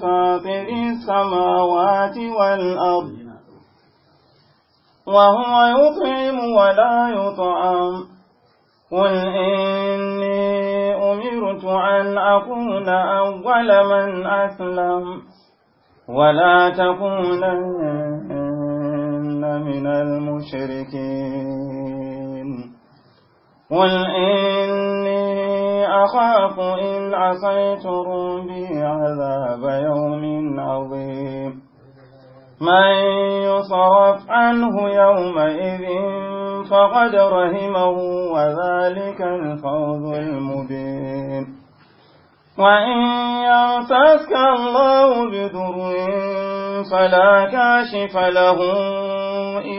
فاطر السماوات والأرض وهو يطعم ولا يطعم قل إني أمرت أن أكون أول من أسلم ولا تكونن من المشركين قل إني أخاف إن عصيت ربي عذاب يوم عظيم من يصرف عنه يومئذ فقد رهمه وذلك الفوز المبين وإن يمسسك الله بضر فلا كاشف له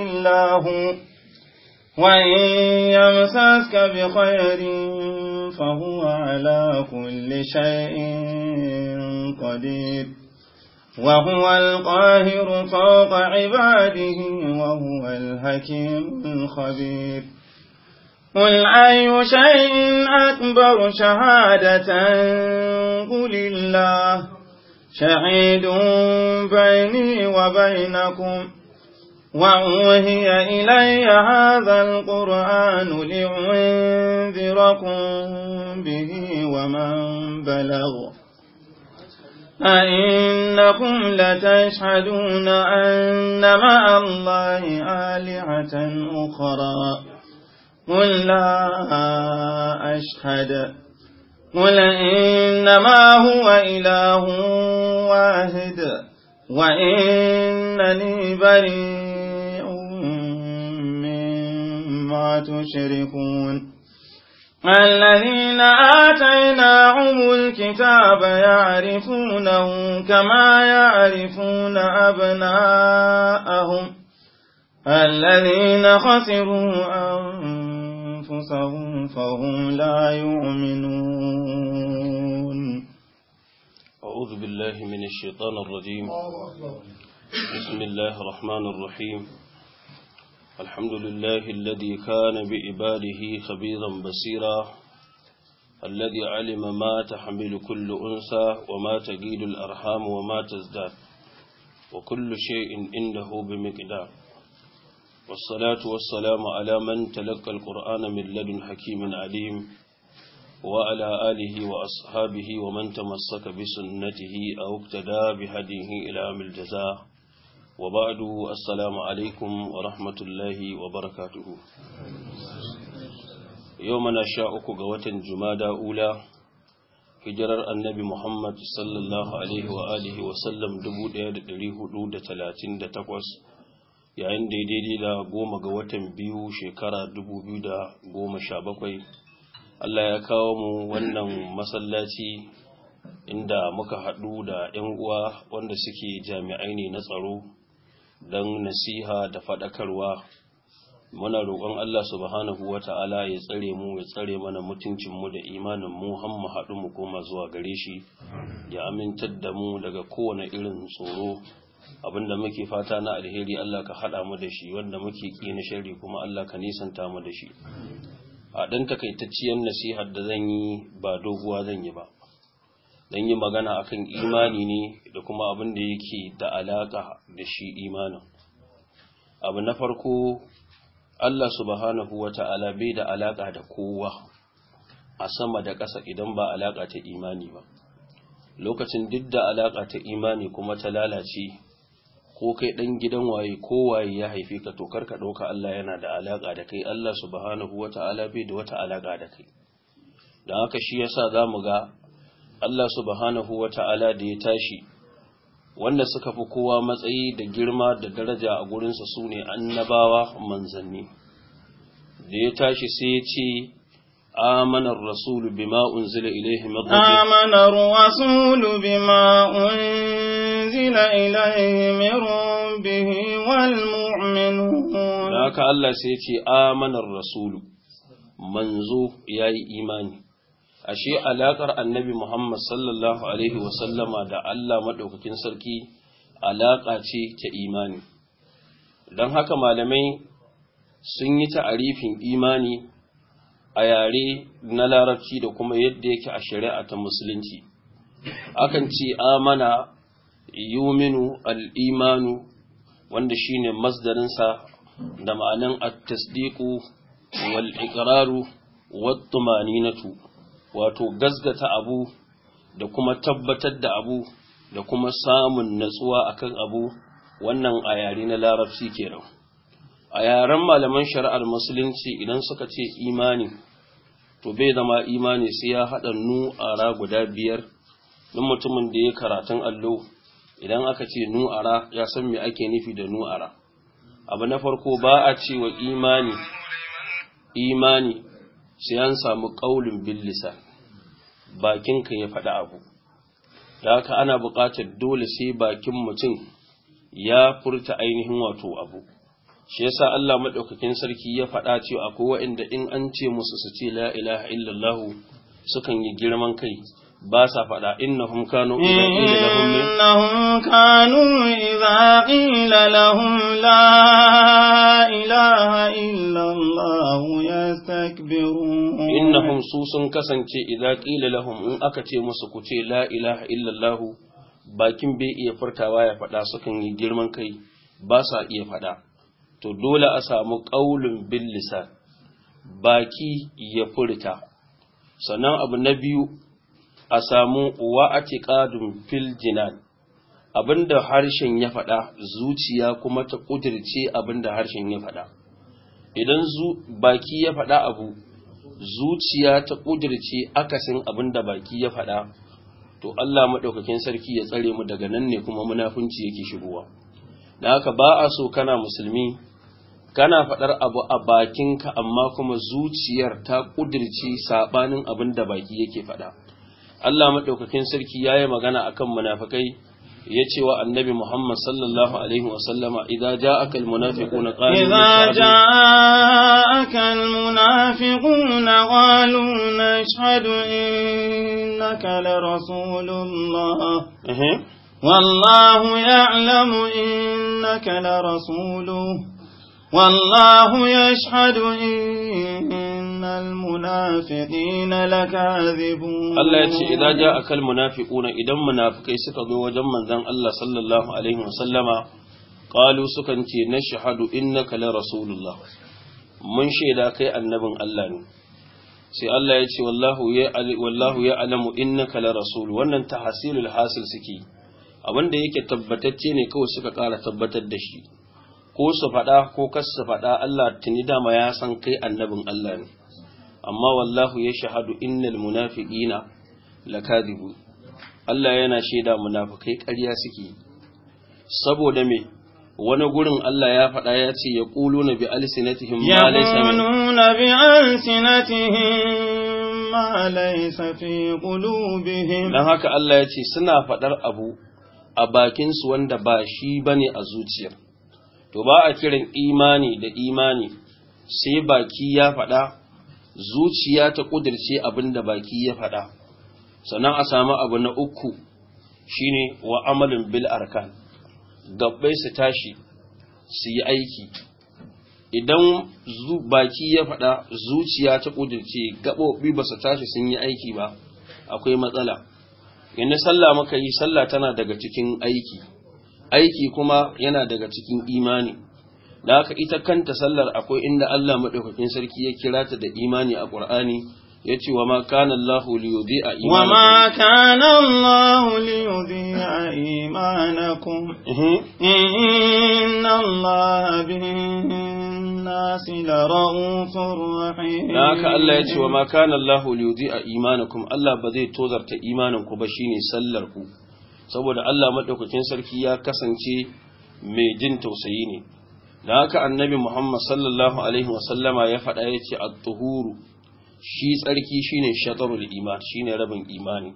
إلا هو وإن يمسسك بخير فهو على كل شيء قدير وهو القاهر فوق عباده وهو الحكيم الخبير قل أي شيء أكبر شهادة قل الله شهيد بيني وبينكم وأوهي إلي هذا القرآن لأعلم لأنذركم به ومن بلغ أئنكم لتشهدون أن مع الله آلهة أخرى قل لا أشهد قل إنما هو إله واحد وإنني بريء مما تشركون الذين آتيناهم الكتاب يعرفونه كما يعرفون أبناءهم الذين خسروا أنفسهم فهم لا يؤمنون أعوذ بالله من الشيطان الرجيم بسم الله الرحمن الرحيم الحمد لله الذي كان بإباده خبيرا بصيرا الذي علم ما تحمل كل أنثى وما تجيد الأرحام وما تزداد وكل شيء عنده بمقدار والصلاة والسلام على من تلقى القرآن من لدن حكيم عليم وعلى آله وأصحابه ومن تمسك بسنته أو اقتدى بهديه إلى عام الجزاء وبعد wa عليكم yau الله sha uku ga watan jumada ula hijirar annabi Muhammad sallallahu Alaihi wa alihi wasallam 1438 yayin daidai da goma ga watan biyu shekara 2017 Allah ya kawo mu wannan masallaci inda muka haɗu da 'yan uwa wanda suke jami'ai ne na tsaro don nasiha da faɗakarwa muna roƙon Allah subhanahu wata'ala ya tsare mu ya tsare mana mutuncinmu da imanin mu har mu haɗu mu koma zuwa gare shi ya amintar da mu daga kowane irin tsoro abinda muke fata na alheri Allah ka haɗa mu da shi wanda muke ƙi na sharri kuma Allah ka nisanta mu da shi a ɗan takaitacciyar nasihar da zan yi ba doguwa zan yi ba Dan yi magana akan imani ne da kuma abin da yake da alaka da shi imanin abu na farko Allah subhanahu wata'ala bai da alaka da kowa a sama da ƙasa idan ba alaka ta imani ba lokacin duk da alaka ta imani kuma ta lalace ko kai ɗan gidan waye ko waye ya haife ka to karka ɗauka Allah yana da alaka da kai Allah subhanahu wata'ala bai da wata alaƙa da kai don haka shi yasa za mu ga Allah subhanahu wa ta’ala da ya tashi, wanda suka fi kowa matsayi da girma da daraja a gurinsa su ne annabawa manzanni. Da ya tashi sai ya ce, Amanar Rasulu bima unzila ilaihi mabuɗe. Amanar Rasulu bima unzila ilaihi mirubihi wal mu'minu. Da haka Allah sai ce, Amanar Rasulu, manzo ya yi imani. ashe alaƙar annabi Muhammad sallallahu Alaihi wasallama da Allah maɗaukakin sarki alaƙa ce ta imani. Don haka malamai sun yi ta'arifin imani a yare na larabci da kuma yadda yake a shari'a ta musulunci. Akan ce amana yuminu al'imanu wanda shine masdarinsa da ma'anin at-tasdiqu wal iqraru wat-tumaninatu wato gazgata abu da kuma tabbatar da abu da kuma samun natsuwa akan abu wannan a yare na larabci kenan a yaren malaman shari'ar musulunci idan suka ce imani to bai zama imani sai ya haɗa nu ara guda biyar don mutumin da ya karatun allo idan aka ce nu ara ya san me ake nufi da nu ara abu na farko ba a cewa wa imani imani sai an samu ƙaulin billisa Bakin bakinka ya faɗi abu da haka ana buƙatar dole sai bakin mutum ya furta ainihin wato abu shi yasa Allah maɗaukakin sarki ya faɗa cewa akwai waɗanda in an ce musu su ce la ilaha illallah sukan yi girman kai ba sa faɗa innahum kanu innahum kanu idza qila lahum la ilaha illa Allah yastakbirun innahum su sun kasance idza qila lahum in aka ce musu ku ce la ilaha illa Allah bakin bai iya furtawa ya faɗa sukan yi girman kai ba sa iya faɗa to dole a samu ƙaulun bin lisan baki ya furta sannan abu na biyu a samu ƙadun fil jinan abinda harshen ya faɗa zuciya kuma ta ƙudirce abinda harshen ya faɗa idan baki ya faɗa abu zuciya ta ƙudirce akasin abinda baki ya faɗa to Allah maɗaukakin sarki ya tsare mu daga nan ne kuma munafunci yake shigowa da haka ba a so kana musulmi kana faɗar abu a bakinka amma kuma zuciyar ta ƙudirce saɓanin abin da baki yake faɗa Allah maɗaukakin sarki ya yi magana a kan munafikai ya ce wa annabi Muhammad sallallahu Alaihi wasallama, "Iza ja akal munafiku na ƙalu Iza ja akal munafiku na ƙalu na shaɗu inna kala Rasulullah. Wallahu ya'lamu innaka la rasuluhu والله يشهد إن المنافقين لكاذبون الله يتي إذا جاءك المنافقون إذا منافقي سكذو وجمع ذن الله صلى الله عليه وسلم قالوا سكنتي نشهد إنك لرسول الله من شهدك النبي الله sai Allah ya ce wallahu ya alamu innaka la rasul wannan tahsilul hasil suke abinda yake tabbatacce ne kawai suka ƙara tabbatar da shi ko su faɗa ko kas su faɗa Allah tuni dama ya san kai annabin Allah ne amma wallahu ya shahadu innal munafiqina lakadibu Allah yana shaida munafikai ƙarya suke saboda me wani gurin Allah ya faɗa ya ce ya na bi alsinatihim ma laysa bi alsinatihim ma laysa fi qulubihim dan haka Allah ya ce suna faɗar abu a bakinsu wanda ba shi bane a zuciyar to ba a kiran imani da imani sai baki ya faɗa zuciya ta ƙudirce abin da baki ya faɗa sannan a samu abu na uku shine wa amalin bil arkan gabbai su tashi su yi aiki idan baki ya faɗa zuciya ta ƙudirce gaɓoɓi ba su tashi sun yi aiki ba akwai matsala yanzu sallah muka yi sallah tana daga cikin aiki aiki kuma yana daga cikin imani da haka ita kanta sallar akwai inda Allah madaukakin sarki ya kira ta da imani a Qur'ani ya ce, wa ma kana Allah li yudhi'a imanakum wa ma kana Allah li yudhi'a imanakum inna Allah bin nasi la raufur rahim da haka Allah ya ce, wa ma kana Allah li yudhi'a imanakum Allah ba zai tozarta imanin ku ba shine sallar ku saboda Allah madaukakin sarki ya kasance mai jin tausayi ne da haka annabi Muhammad sallallahu alaihi wasallama ya faɗa ya ce at-tuhuru shi tsarki shine shatarul iman shine rabin imani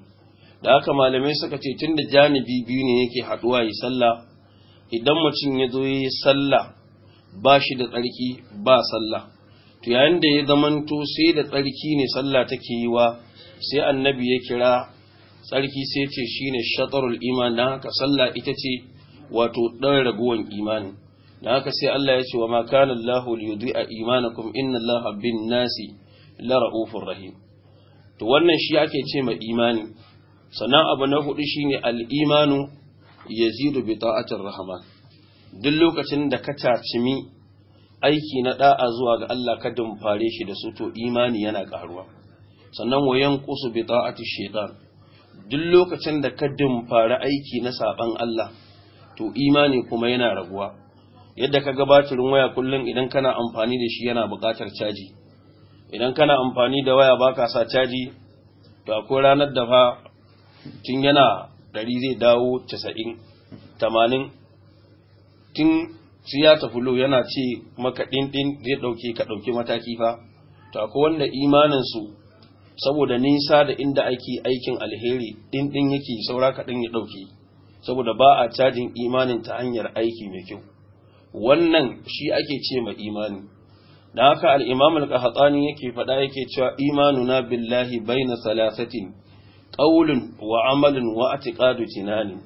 da haka malamai suka ce tunda janibi biyu ne yake haɗuwa yi sallah idan mutum ya zo yi sallah ba shi da tsarki ba sallah to yayin da ya zamanto sai da tsarki ne sallah take yiwa, sai annabi ya kira tsarki sai ce shine shatarul iman dan haka sallah ita ce wato dan raguwan imani dan haka sai Allah ya ce wa ma kana Allahu liyudhi'a imanakum inna Allaha bin nasi la raufur rahim to wannan shi ake ce ma imani sannan abu na hudu shine al-imanu yazidu bi ta'atir rahman duk lokacin da ka tacimi aiki na da'a zuwa ga Allah ka dumfare shi da su to imani yana karuwa sannan wayan qusu bi ta'ati shaytan duk lokacin da ka dumfari aiki na saban Allah to imani kuma yana raguwa yadda ka gabatarin waya kullum idan kana amfani da shi yana buƙatar caji idan kana amfani da waya baka sa caji to akwai ranar da fa tun yana dari zai dawo casa'in tamanin tun sai ya tafi lo yana ce maka ɗin zai ɗauke ka ɗauke mataki fa to akwai wanda imaninsu saboda nisa da inda ake aikin alheri ɗin yake saura kaɗan ya ɗauke saboda ba a cajin imanin ta hanyar aiki mai kyau wannan shi ake ce ma imani da haka al'imam al yake faɗa yake cewa na billahi baina salasatin ƙaulun wa amalin wa atiqadu jinanin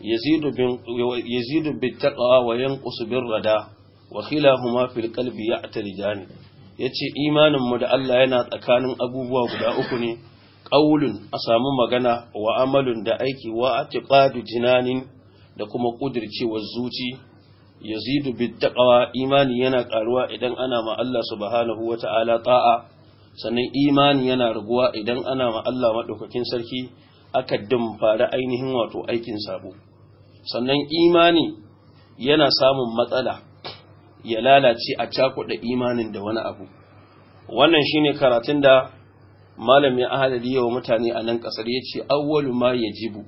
yazidu bin taqwa wa yanqusu bir rada wa khilahuma fil qalbi ya'tarijani ya ce imaninmu da Allah yana tsakanin abubuwa guda uku ne ƙawulun, a samu magana wa amalin da aiki wa a ƙadu jinanin da kuma ƙudircewar zuci ya zidu imani yana ƙaruwa idan ana ma Allah subhanahu wa ta'ala ta'a sannan imani yana raguwa idan ana ma Allah maɗaukakin sarki aka fara ainihin wato aikin sabo sannan imani yana samun matsala ya lalace a cakuɗa imanin da wani abu wannan shine karatun da malamin ahadari yawa mutane a nan ƙasar ya ce awwalu ma ya jibu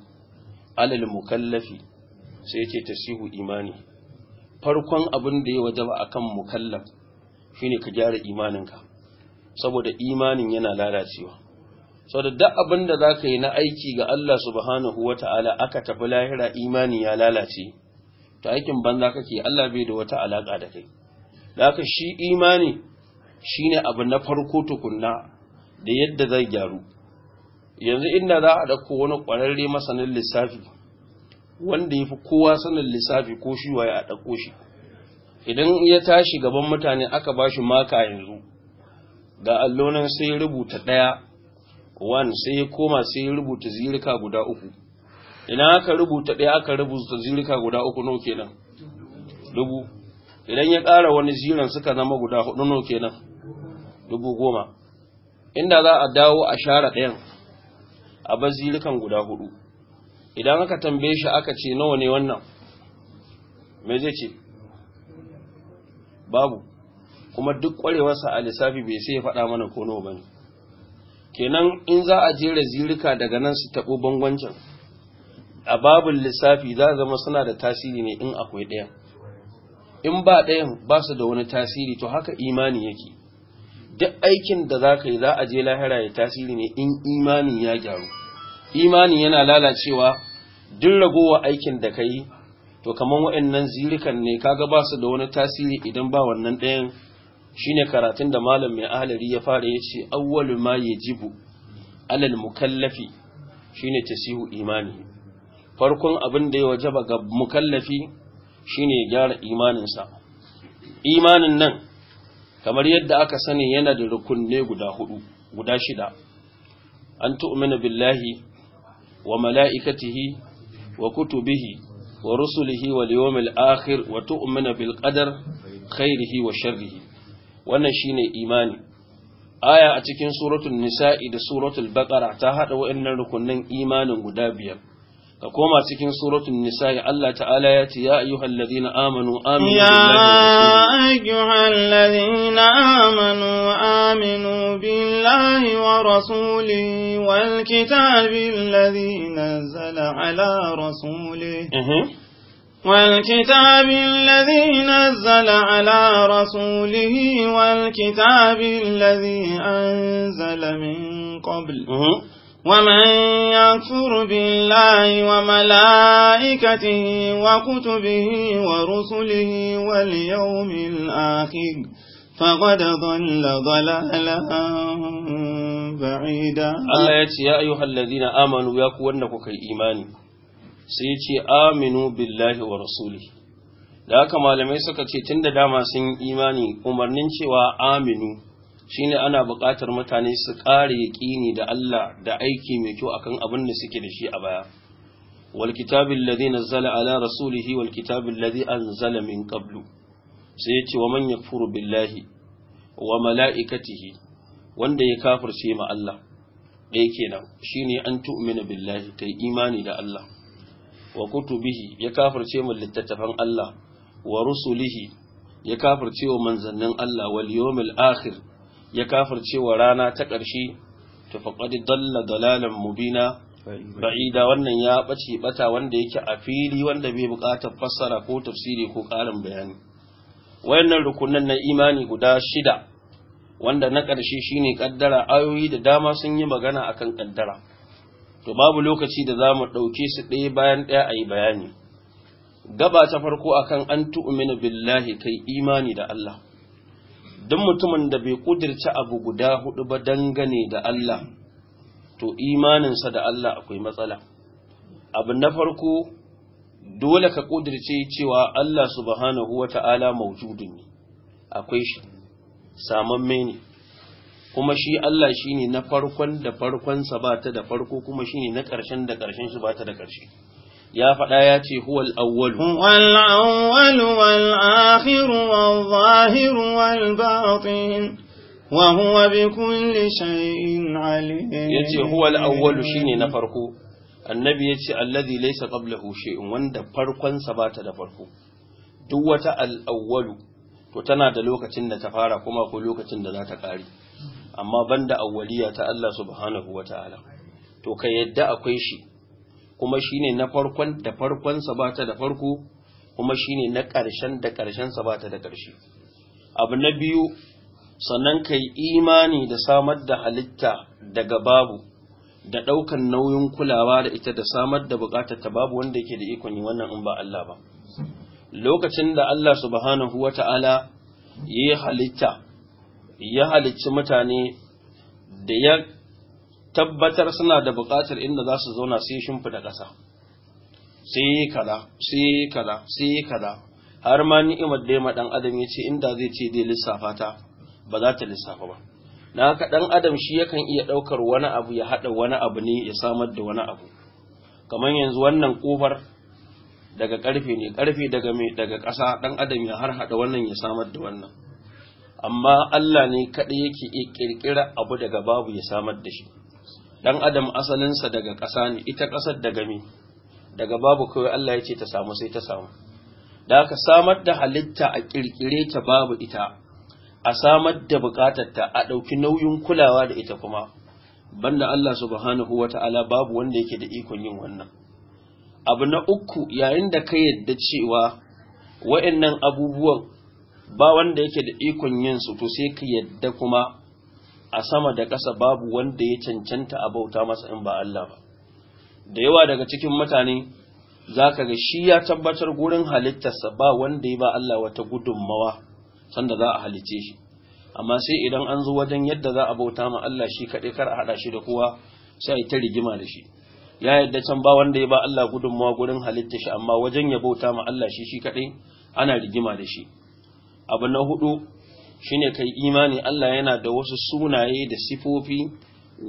alal mukallafi sai ya ce tasihu imani farkon abin da ya a akan mukallaf shine ka gyara imaninka saboda imanin yana lalacewa sau da duk abin da za ka yi na aiki ga Allah subhanahu wa ta'ala aka tafi lahira imani ya lalace to aikin banza kake Allah bai da wata alaka da kai da shi imani shine abu na farko tukunna da yadda zai gyaru yanzu inda za a dauko wani kwararre masanin lissafi wanda yafi kowa sanin lissafi ko shi waye a dauko shi idan ya tashi gaban mutane aka bashi maka yanzu ga allonan sai rubuta daya wan sai ya koma sai ya rubuta zirika guda uku ina aka rubuta ɗaya aka rubuta zirika guda uku no kenan dubu idan ya ƙara wani ziran suka zama guda hudu no kenan dubu goma inda za a dawo a share ɗayan a bar zirikan guda hudu idan aka tambaye shi aka ce nawa ne wannan me zai ce babu kuma duk ƙwarewarsa a lissafi bai sai ya faɗa mana ko nawa bane kenan in za a jera zirika daga nan su taɓo bangwancin a babin lissafi za a zama suna da tasiri ne in akwai ɗaya in ba ɗayan ba su da wani tasiri to haka imani yake duk aikin da za ka yi za a je lahira ya tasiri ne in imanin ya gyaru imani yana lalacewa duk ragowa aikin da ka yi to kamar wa'annan zirikan ne kaga ba su da wani tasiri idan ba wannan ɗayan shi ne karatun da malam mai ahalari ya fara ya ce awwalu ma ya jibu alal mukallafi shine tasihu imani farkon abin da ya wajaba ga mukallafi shine ya gyara imaninsa imanin nan kamar yadda aka sani yana da rukunne guda hudu guda shida an tu'mina billahi wa mala'ikatihi wa kutubihi wa rusulihi wa liyomil akhir wa tu'mina bil qadar khairihi wa sharrihi wannan shine imani aya a cikin suratul nisa'i da suratul baqara ta hada wa'annan rukunnan imanin guda biyar كما تكن سورة النساء ألا تعالى يا أيها الذين آمنوا آمنوا يا أيها الذين آمنوا آمنوا بالله ورسوله والكتاب الذي نزل على رسوله والكتاب الذي نزل على رسوله والكتاب الذي أنزل من قبل ومن يكفر بالله وملائكته وكتبه ورسله واليوم الآخر فقد ضل ضلالا بعيدا الله يتي يا أيها الذين آمنوا يكونك كي إيماني سيتي آمنوا بالله ورسوله da haka malamai suka ce tun da dama sun imani umarnin cewa aminu shine ana buƙatar mutane su ƙara yaƙini da Allah da aiki mai kyau akan abin da suke da shi a baya wal kitabil ladhi nazzala ala rasulihi wal kitabil ladhi anzala min qablu sai yace wa man yakfuru billahi wa mala'ikatihi wanda ya kafirce ma Allah ɗaya kenan shine an tu'mina billahi kai imani da Allah wa kutubihi ya kafirce mu littattafan Allah wa rusulihi ya kafirce wa manzannin Allah wal yawmil akhir ya kafar cewa rana ta ƙarshe to faqad dalla dalalan mubina ba'ida wannan ya bace bata wanda yake a fili wanda bai buƙatar fassara ko tafsiri ko ƙarin bayani wayannan rukunan na imani guda shida wanda na ƙarshe shine ƙaddara, ayoyi da dama sun yi magana akan ƙaddara, to babu lokaci da za mu ɗauke su ɗaya bayan ɗaya a yi bayani gaba ta farko akan an tu'minu billahi kai imani da Allah duk mutumin da bai ƙudirce abu guda hudu ba dangane da Allah to imaninsa da Allah akwai matsala abu na farko dole ka kudirce cewa Allah subhanahu wata'ala maujudun ne akwai shi samamme ne kuma shi Allah shine na farkon da farkonsa ba ta da farko kuma shine na ƙarshen da ƙarshen shi ba ta da ƙarshe ya faɗa ya ce huwal awwalu huwal awwalu wal akhiru wal zahiru wal batin wa huwa bi kulli shay'in alim yace huwal awwalu shine na farko annabi yace alladhi laysa qablahu shay'un wanda farkon sa bata da farko duk wata al awwalu to tana da lokacin da ta fara kuma ko lokacin da za ta kare amma banda awwaliya ta Allah subhanahu wataala to ka yadda akwai shi kuma shi ne na farkon da farkon sa ta da farko kuma shi ne na ƙarshen da ƙarshen sa ta da ƙarshe abu na biyu sannan kai imani da samar da halitta daga babu da ɗaukan nauyin kulawa da ita da samar da buƙatar ta babu wanda yake da ikon wannan in ba Allah ba lokacin da Allah subhanahu ta'ala ya halitta ya halicci mutane da ya tabbatar suna da buƙatar inda za su zauna sai shimfiɗa ƙasa sai kaza sai kaza sai kaza har ma ni'imar da ma dan adam ya ce inda zai ce dai lissafa ta ba za ta lissafa ba na haka dan adam shi yakan iya ɗaukar wani abu ya haɗa wani abu ne ya samar da wani abu kamar yanzu wannan kofar daga ƙarfe ne ƙarfe daga mai daga ƙasa dan adam ya har haɗa wannan ya samar da wannan amma Allah ne kaɗai yake iya ƙirƙira abu daga babu ya samar da shi dan adam asalinsa daga ƙasa ne ita ƙasar daga me daga babu kawai Allah ya ce ta samu sai ta samu da aka samar da halitta a kirkire ta babu ita a samar da ta a ɗauki nauyin kulawa da ita kuma banda Allah subhanahu wata'ala babu wanda yake da ikon yin wannan abu na uku yayin da ka yadda cewa wa'annan abubuwan ba wanda yake da ikon yin su to sai ka yadda kuma a sama da ƙasa babu wanda ya cancanta a bauta masa in ba Allah ba da yawa daga cikin mutane za ka ga shi ya tabbatar gurin halittarsa ba wanda ya ba Allah wata gudunmawa sanda za a halicce shi amma sai idan an zo wajen yadda za a bauta ma Allah shi kaɗai kar a haɗa shi da kowa sai a yi ta rigima da shi ya yadda can ba wanda ya ba Allah gudunmawa gurin halitta shi amma wajen ya bauta ma Allah shi shi kaɗai ana rigima da shi abu na hudu shine kai imani Allah yana da wasu sunaye da sifofi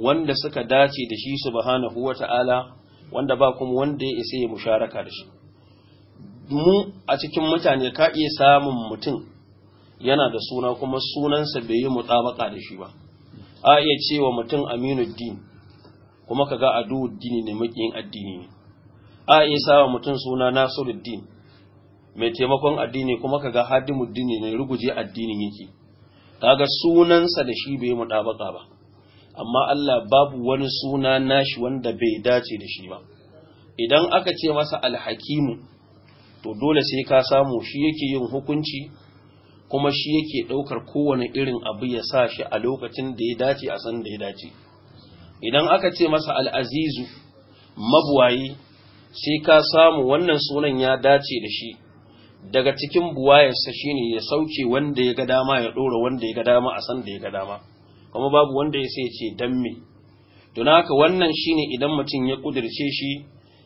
wanda suka dace da shi subhanahu wata'ala wanda ba kuma wanda ya isa ya musharaka da shi mu a cikin mutane ka iya samun mutum yana da suna kuma sunansa bai yi mutabaka da shi ba a iya cewa mutum aminuddin kuma ka kaga dini ne makiyin addini ne a iya sawa mutum suna nasiruddin mai taimakon addini kuma ka kaga hadimuddin ne ruguje addinin yake kaga sunansa da shi bai mudabaka ba amma Allah babu wani suna nashi wanda bai dace da shi ba idan aka ce masa alhakimu to dole sai ka samu shi yake yin hukunci kuma shi yake ɗaukar kowane irin abu ya sa shi a lokacin da ya dace a san da ya dace idan aka ce masa al'azizu mabuwayi sai ka samu wannan sunan ya dace da shi daga cikin buwayarsa ne ya sauke wanda ya ga dama ya ɗora wanda ya ga dama a sanda ya ga dama kuma babu wanda ya sai ce don me don haka wannan shine idan mutum ya kudirce shi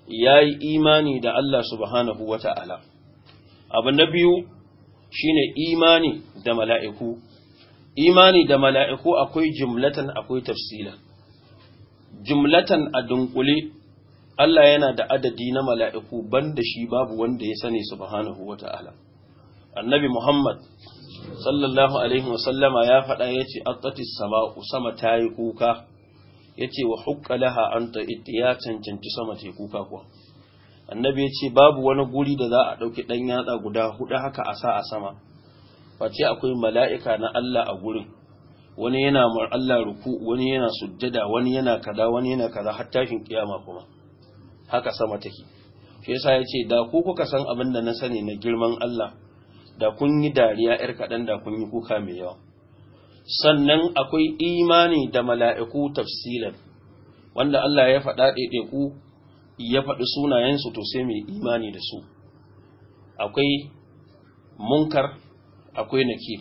ya yi imani da Allah subhanahu ta'ala abu na biyu shi ne imani da mala'iku imani da mala'iku akwai jumlatan akwai tafsila jimlatan a dunkule Allah yana da adadi na mala'iku ban da shi babu wanda ya sani subhanahu wa ta'ala. Annabi Muhammad, sallallahu Alaihi wasallama ya faɗa ya ce, Attatis sama'u sama ta yi kuka, ya ce wa hukkalaha an ta ya cancanci sama ta yi kuka kuwa. Annabi ya ce, Babu wani guri da za a ɗauki ɗan yatsa guda hudu haka a sa a sama, face akwai mala'ika na Allah a gurin, wani yana mar Allah ruku, wani yana sujjada, wani yana kaza, wani yana kaza, har tashin kiyama kuma. haka sama take shi yasa ya ce da ku kuka san abin da na sani na girman Allah da kun yi dariya ‘yar kaɗan da kun yi kuka mai yawa sannan akwai imani da mala'iku tafsilan wanda Allah ya faɗa ɗaiɗaiku ya faɗi sunayensu to sai mai imani da su akwai munkar akwai nakir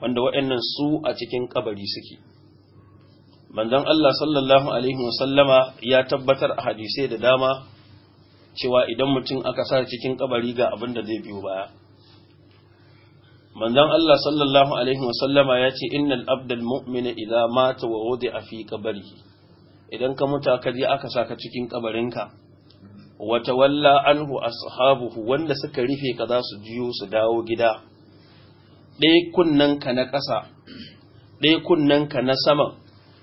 wanda waɗannan su a cikin kabari suke manzon Allah sallallahu alaihi wasallama ya tabbatar a hadisai da dama cewa idan mutum aka sa cikin kabari ga abin da zai biyo baya manzon Allah sallallahu alaihi wasallama ya ce innal abdal mu'mina idza mata wa wudi'a fi qabrihi idan ka mutu ka je aka saka cikin kabarinka wa tawalla anhu ashabuhu wanda suka rufe ka za su jiyo su dawo gida ɗaya kunnanka na ƙasa ɗaya kunnanka na sama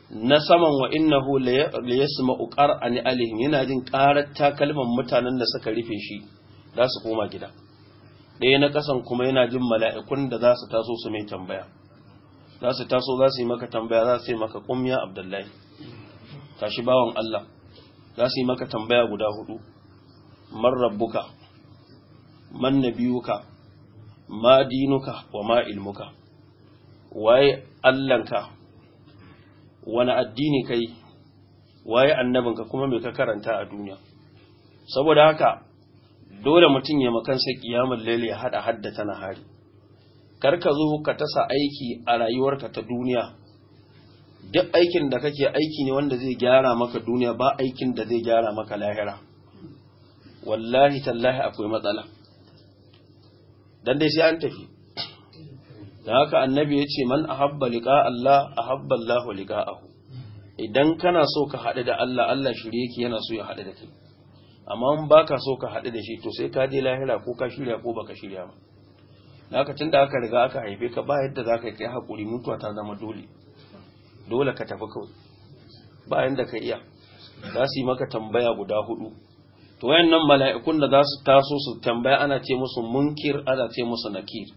na saman wa innahu la yasma'u ani alihim yana jin karar takalman mutanen da suka rufe shi za su koma gida ɗaya na ƙasan kuma yana jin mala'ikun da za su taso su mai tambaya za su taso za su yi maka tambaya za su yi maka kumya abdullahi tashi bawan Allah za su yi maka tambaya guda hudu man rabbuka man nabiyuka ma dinuka wa ma ilmuka waye allanka wani addini kai waye ka kuma mai ka karanta a duniya saboda haka dole mutum ya makansa kiyamul lele ya hada haddata hari. kar ka zo ka tasa aiki a rayuwarka ta duniya duk aikin da kake aiki ne wanda zai gyara maka duniya ba aikin da zai gyara maka lahira wallahi tallahi akwai matsala dan dai sai an tafi da haka annabi ya ce man ahabba liqa Allah ahabba Allah liqa'ahu idan kana so ka haɗu da Allah Allah shirye yake yana so ya haɗu da kai amma in baka so ka haɗu da shi to sai ka je lahira ko ka shirya ko baka shirya ba haka tunda aka riga aka haife ka ba yadda zaka kai hakuri mutuwa ta zama dole dole ka tafi kawai ba yanda ka iya za su yi maka tambaya guda hudu to wayannan mala'ikun da za su taso su tambaya ana ce musu munkir ana ce musu nakir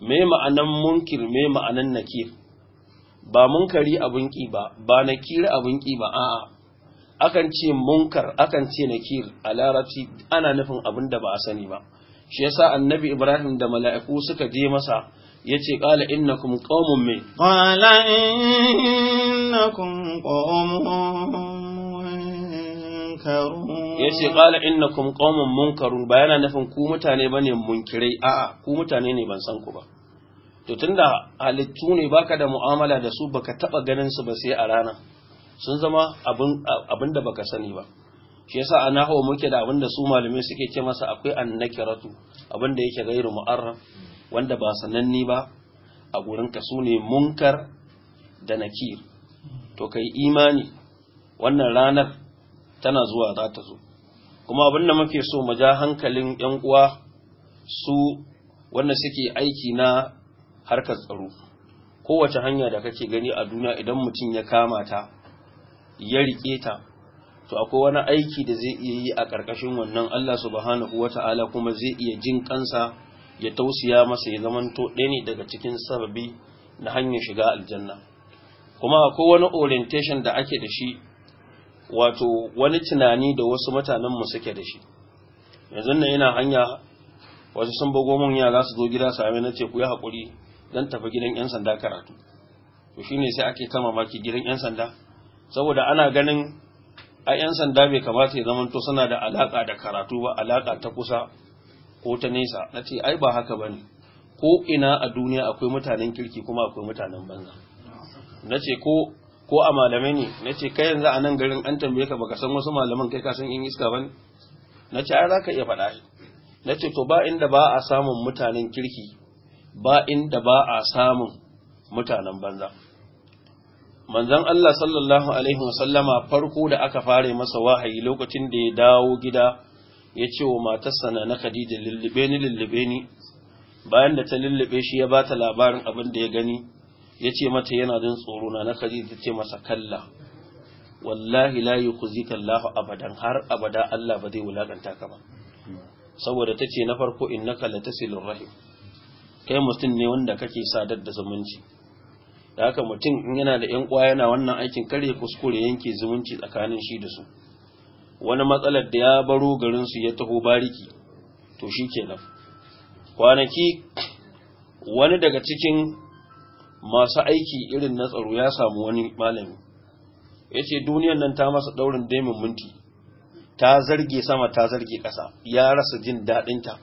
me ma'anan munkir me ma'anan nakir ba munkari abun ki ba ba nakir abun ki ba a'a akan ce munkar akan ce nakir a larabci ana nufin abin da ba a sani ba shi yasa annabi ibrahim da mala'iku suka je masa yace qala innakum qaumun me qala innakum qaumun munkarun yace qala innakum qaumun munkarun ba yana nufin ku mutane bane munkirai a'a ku mutane ne ban san ku ba to tunda halittu ne baka da mu'amala da su baka taba ganin su ba sai a rana sun zama abin abin da baka sani ba shi yasa a nahwa muke da abin da su malamai suke ce masa akwai annakiratu abin da yake gairu mu'arraf wanda ba sananni ba a gurin ka sune munkar da nakir to kai imani wannan ranar tana zuwa za ta zo kuma abin da muke so mu ja hankalin yan uwa su wanda suke aiki na harkar tsaro kowace hanya da kake gani a duniya idan mutum ya kama ta ya rike ta to akwai wani aiki da zai iya yi a ƙarƙashin wannan Allah subhanahu wata'ala kuma zai iya jin kansa ya tausaya masa ya zamanto ɗaya ne daga cikin sababi na hanyar shiga aljanna kuma akwai wani orientation da ake da shi wato wani tunani da wasu mu suke da shi yanzu nan ina hanya wasu sun bago mun za su zo gida su same na ceku ku yi hakuri don tafi gidan 'yan sanda karatu to shine sai ake ta mamaki gidan 'yan sanda saboda ana ganin a 'yan sanda bai kamata ya zamanto suna da alaka da karatu ba alaka ta kusa ko ta nesa nace ai ba haka bane ne ko ina a duniya akwai mutanen kirki kuma akwai mutanen banza na ko ko a malamai ne na ce kai yanzu a nan garin an tambaye ka baka san wasu malaman kai ka san in iska ba na ce ai za ka iya faɗa na ce to ba inda ba a samun mutanen kirki ba inda ba a samun mutanen banza manzon Allah sallallahu alaihi wasallama farko da aka fare masa wahayi lokacin da ya dawo gida ya ce wa matarsa na Khadija lullube ni lullube ni bayan da ta lullube shi ya ba ta labarin abin da ya gani ya ce mata yana jin tsoro na nakari ta ce masa kalla wallahi la yukhzika Allah abadan har abada Allah ba zai wulakanta ka ba saboda ta ce na farko in innaka silin rahim kai mutum ne wanda kake sadar da zumunci da haka mutum in yana da 'yan uwa yana wannan aikin kare kuskure yanke zumunci tsakanin shi da su wani matsalar da ya baro garinsu ya taho bariki to shi nan. kwanaki wani daga cikin masu aiki irin na tsaro ya samu wani malami ya ce duniyan nan ta masa daurin daimin minti ta zarge sama ta zarge ƙasa ya rasa jin daɗinta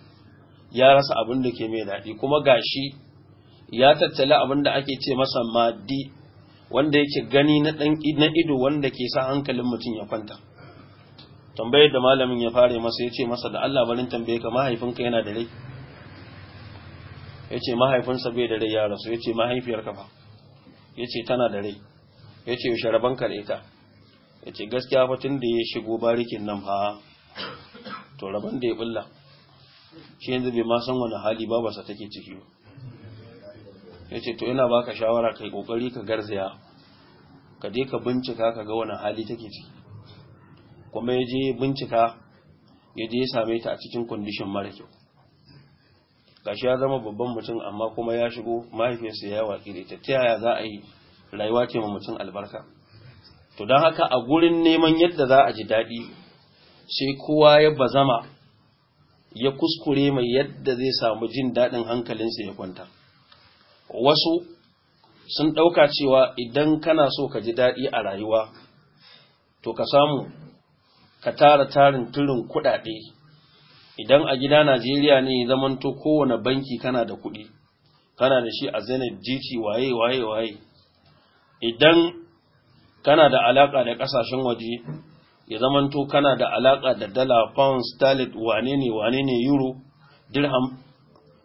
ya rasa abin da ke mai daɗi kuma ga shi ya tattala abin da ake ce masa maddi wanda yake gani na ido wanda ke sa hankalin mutum ya kwanta tambayar da malamin ya fara masa ya ce masa da Allah barin tambaye ka mahaifinka yana da rai yace mahaifinsa bai da rai ya rasu yace mahaifiyarka ya yace tana da rai yace yaushe raban kare ya yace gaskiya fa da ya shigo barikin nan fa to rabon da ya bulla shi yanzu bai ma san wani hali babarsa take ciki ba yace to ina baka shawara kai kokari ka garzaya ka je ka bincika ka ga wani hali take ciki kuma ya je bincika ya je ya same ta a cikin kwandishin mara kyau gashi ya zama babban mutum amma kuma ya shigo mahaifinsa ya waƙi da ta yaya za a yi rayuwa ce ma mutum albarka to don haka a gurin neman yadda za a ji daɗi sai kowa ya bazama ya kuskure mai yadda zai samu jin daɗin hankalinsa ya kwanta wasu sun ɗauka cewa idan kana so ka ji daɗi a rayuwa to ka samu ka tara tarin turin kuɗaɗe idan a gida Najeriya ne ya zamanto kowane banki kana da kuɗi kana da shi a Zenith GT waye waye waye idan kana da alaka da ƙasashen waje ya zamanto kana da alaƙa da dala pound sterling wane ne wane ne euro dirham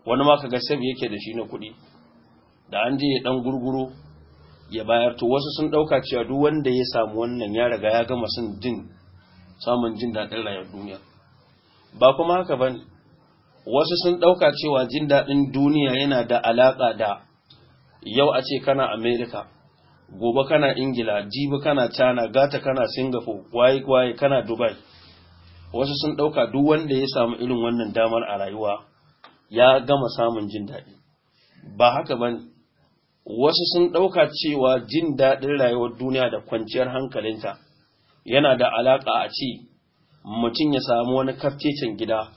wani maka kaga yake da shi na kuɗi da an je ya ɗan gurguro ya bayar to wasu sun ɗauka cewa duk wanda ya samu wannan ya riga ya gama sun jin samun jin daɗin rayuwar duniya ba kuma haka ba ne wasu sun ɗauka cewa jin daɗin duniya yana da alaƙa da yau a ce kana amerika gobe kana ingila jibi kana china gata kana singapore waye waye kana dubai wasu sun ɗauka duk wanda ya samu irin wannan damar a rayuwa ya gama samun jin daɗi ba haka ba ne wasu sun ɗauka cewa jin daɗin rayuwar duniya da kwanciyar hankalinta yana da alaƙa a ci. mutum ya samu wani kafkeken gida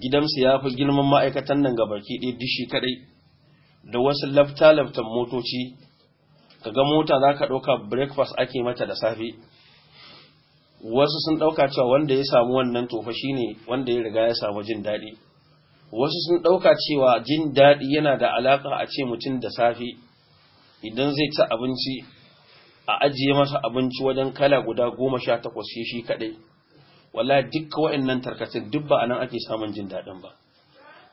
gidansu ya fi girman ma'aikatan nan gabaki ɗaya dishi kaɗai da wasu lafta-laftan motoci ka ga mota za ka ɗauka breakfast ake mata da safe wasu sun ɗauka cewa wanda ya samu wannan tofa shi ne wanda ya riga ya samu jin daɗi wasu sun ɗauka cewa jin daɗi yana da alaƙa a ce mutum da safe idan zai ci abinci a ajiye masa abinci wajen kala guda goma sha takwas shi kaɗai wallahi duk wa'annan tarkacin duk ba anan ake samun jin daɗin ba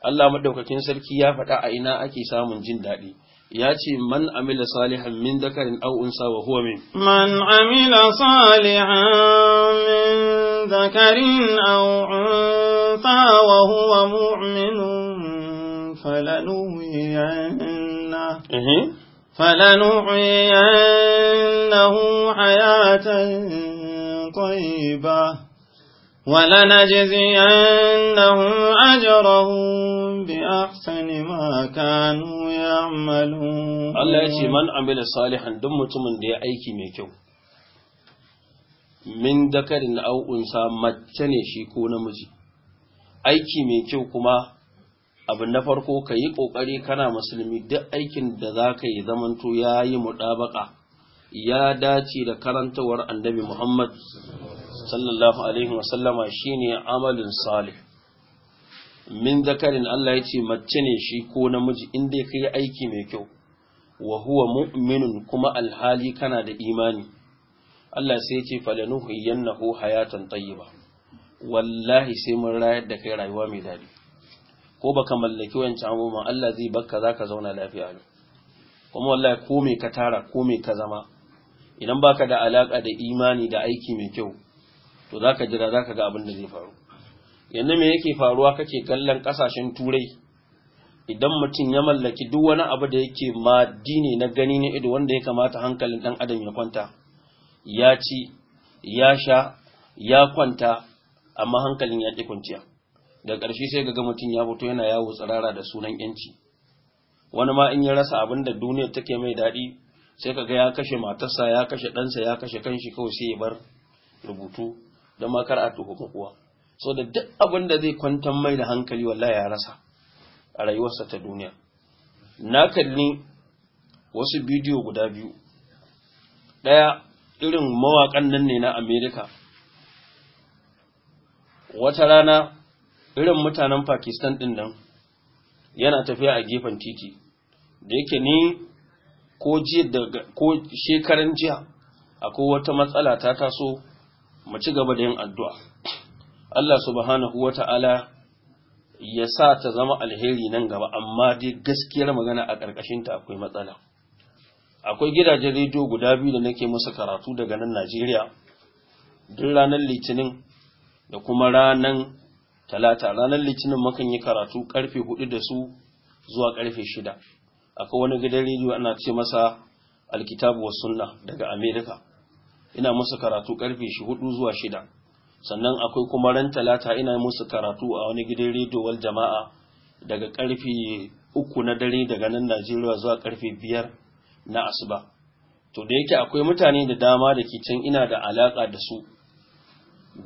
Allah madaukakin sarki ya faɗa a ina ake samun jin daɗi ya ce man amila salihan min dakarin aw unsa wa huwa min man amila salihan min dakarin aw unsa wa huwa mu'minun falanuhyiyannahu فلنحيينه حياة طيبة ولنجزينهم أجرهم بأحسن ما كانوا يعملون الله يتي من عمل صالحا دم تمن دي أيكي ميكو من ذكر أو أنثى متني شيكونا مجي أيكي aiki mai kyau kuma abu na farko ka yi ƙoƙari kana musulmi duk aikin da za ka yi zamanto ya yi mudabaka ya dace da karantawar annabi muhammad sallallahu alaihi wasallama shine amalin salih min zakarin Allah ya ce mace ne shi ko namiji in dai kai aiki mai kyau wa huwa mu'minun kuma alhali kana da imani Allah sai ya ce falanuhu yannahu hayatan tayyiba wallahi sai mun rayar da kai rayuwa mai daɗi. ko baka mallaki wancan abubuwan Allah zai baka zaka zauna lafiya ne kuma wallahi ko me ka tara ko me ka zama idan baka da alaka da imani da aiki mai kyau to za ka jira za ka ga abin da zai faru yanzu me yake faruwa kake kallon kasashen turai idan mutum ya mallaki duk wani abu da yake madini na gani na ido wanda ya kamata hankalin ɗan adam ya kwanta ya ci ya sha ya kwanta amma hankalin ya ƙi kwanciya da ƙarshe sai ga mutum ya fito yana yawo tsirara da sunan yanci wani ma in ya rasa abin da duniyar take mai daɗi sai ka ga ya kashe matarsa ya kashe ɗansa ya kashe kanshi kawai sai ya bar rubutu da ma kar a tuhumi uwa so da duk abin da zai kwantar mai da hankali wallahi ya rasa a rayuwarsa ta duniya na kalli wasu bidiyo guda biyu ɗaya irin mawaƙan nan ne na amerika wata rana irin mutanen pakistan ɗin nan yana tafiya a gefen titi da yake ni ko shekaran jiya akwai wata matsala ta taso mu ci gaba da yin addu'a Allah subhanahu wata'ala ya sa ta zama alheri nan gaba amma dai gaskiyar magana a ƙarƙashinta akwai matsala akwai gidajen rediyo guda biyu da nake musu karatu daga nan Najeriya duk ranar litinin da kuma ranar talata ranar litinin mukan yi karatu karfe hudu da su zuwa karfe shida akwai wani gidan rediyo ana ce masa alkitabu wa sunna daga amerika ina musu karatu karfe shi hudu zuwa shida sannan akwai kuma ran talata ina musu karatu a wani gidan rediyo jama'a daga karfe uku na dare daga nan najeriya zuwa karfe biyar na asuba to da yake akwai mutane da dama da ke can ina da alaka da su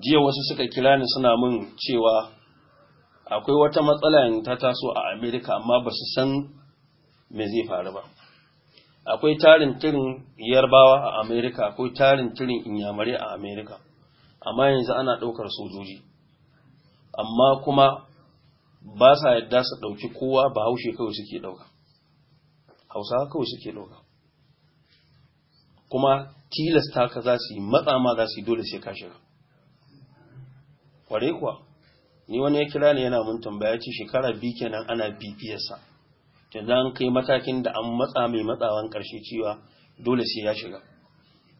jiya wasu suka kira ni suna min cewa akwai wata matsala ta taso a amerika amma ba su san me zai faru ba akwai tarin tirin yarbawa a amerika akwai tarin tirin inyamare a amerika amma yanzu ana ɗaukar sojoji amma kuma ba sa yadda su ɗauki kowa ba haushe kawai suke ɗauka hausawa kawai suke ɗauka kuma tilasta ka za su yi matsama za su yi dole sai ka shiga kware kuwa ni wani ya kira ne yana mun tambaya ce shekara biyu kenan ana bibiyarsa yanzu zan kai matakin da an matsa mai matsawan ƙarshe cewa dole sai ya shiga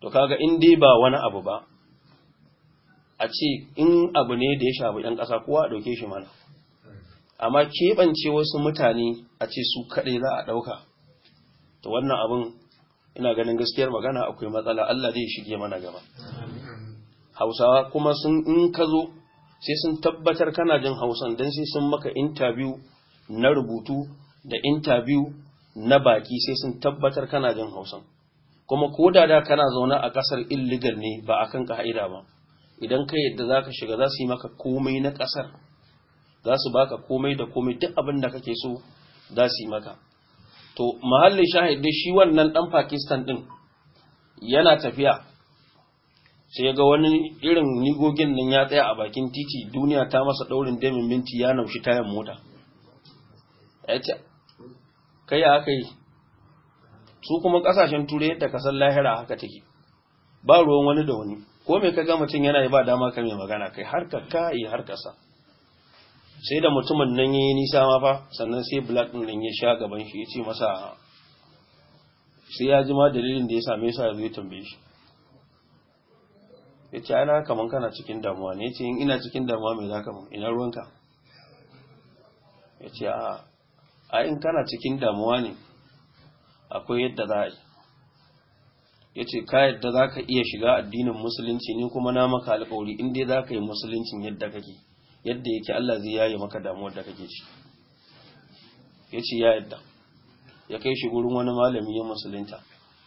to kaga in dai ba wani abu ba a ce in abu ne da ya shafi ɗan ƙasa kowa a ɗauke shi mana amma keɓance wasu mutane a ce su kaɗai za a ɗauka to wannan abin ina ganin gaskiyar magana akwai matsala Allah zai shige mana gaba hausawa kuma sun in ka zo sai sun tabbatar kana jin hausan don sai sun maka intabiyu na rubutu da interview na baki sai sun tabbatar kana jin hausan kuma ko da da kana zauna a ƙasar illegal ne ba a kan ka'ida ba idan ka yadda za ka shiga za su yi maka komai na ƙasar za su baka komai da komai duk abin da kake so za su yi maka to mahallin shahidai shi wannan ɗan pakistan ɗin yana tafiya sai ga wani irin nigogin nan ya tsaya a bakin titi duniya ta masa ɗaurin damin minti ya naushi tayan mota kai aka yi su kuma kasashen Ture yadda kasar lahira haka take ba ruwan wani da wani ko me kaga mutum yana yi ba dama ka mai magana kai har ka kai har ka sa sai da mutumin nan yayi nisa ma fa sannan sai black din nan ya sha gaban shi ya ce masa sai ya ji ma dalilin da ya same shi ya zo ya tambaye shi ya ce ana kaman kana cikin damuwa ne ya ce ina cikin damuwa me zaka mun ina ruwanka ya ce a a in kana cikin damuwa ne akwai yadda za a yi ya ce ka yadda za ka iya shiga addinin musulunci ne kuma na maka alkawari in dai za ka yi musuluncin yadda kake yadda yake Allah zai yaye maka damuwar da kake ci ya ce ya yadda ya kai shi gurin wani malami ya musulunta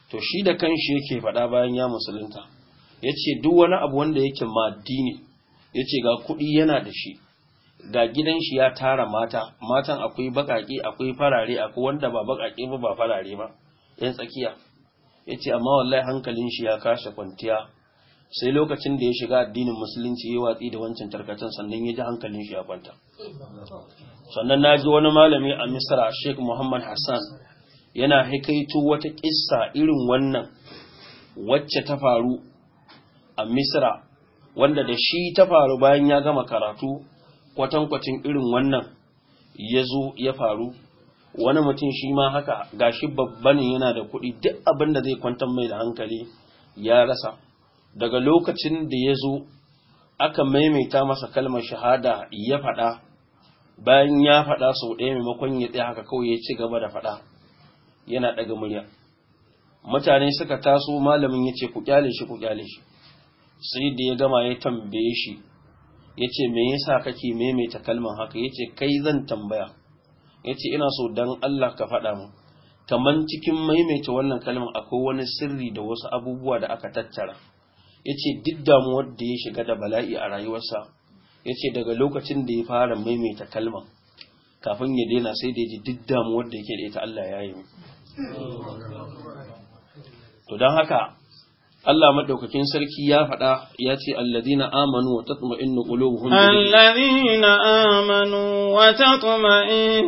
to shi da kanshi yake faɗa bayan ya musulunta ya ce duk wani abu wanda yake ma addini ya ce ga kuɗi yana da shi ga gidan shi ya tara mata matan akwai bakake akwai farare akwai wanda ba bakake ba ba farare ba yan tsakiya yace amma wallahi hankalin shi ya kashe kwantiya sai lokacin da ya shiga addinin musulunci ya watsi da wancan tarkacin sannan ya ji hankalin shi ya kwanta sannan na ji wani malami a misra sheikh muhammad hassan yana haikaito wata kissa irin wannan wacce ta faru a misra wanda da shi ta faru bayan ya gama karatu kwatankwacin irin wannan ya zo ya faru wani mutum shi ma haka gashi babban yana da kuɗi duk abin da zai kwantar mai da hankali ya rasa daga lokacin da ya zo aka maimaita masa kalmar shahada ya faɗa bayan ya faɗa sau ɗaya maimakon ya tsaye haka kawai ya ci gaba da faɗa yana ɗaga murya mutane suka taso malamin ya ce ku kyale shi ku kyale shi sai da ya gama ya tambaye shi yace me yasa kake maimaita kalman haka yace kai zan tambaya yace ina so dan Allah ka faɗa mu kaman cikin maimaita wannan kalman akwai wani sirri da wasu abubuwa da aka tattara yace duk damuwar da ya shiga da bala'i a rayuwarsa yace daga lokacin da ya fara maimaita kalman kafin ya daina sai da yaji ji duk damuwar da yake da ita Allah ya yi to dan haka Allah maɗaukakin sarki ya faɗa ya ce alladina amanu wa tatma'innu qulubuhum alladina amanu wa tatma'innu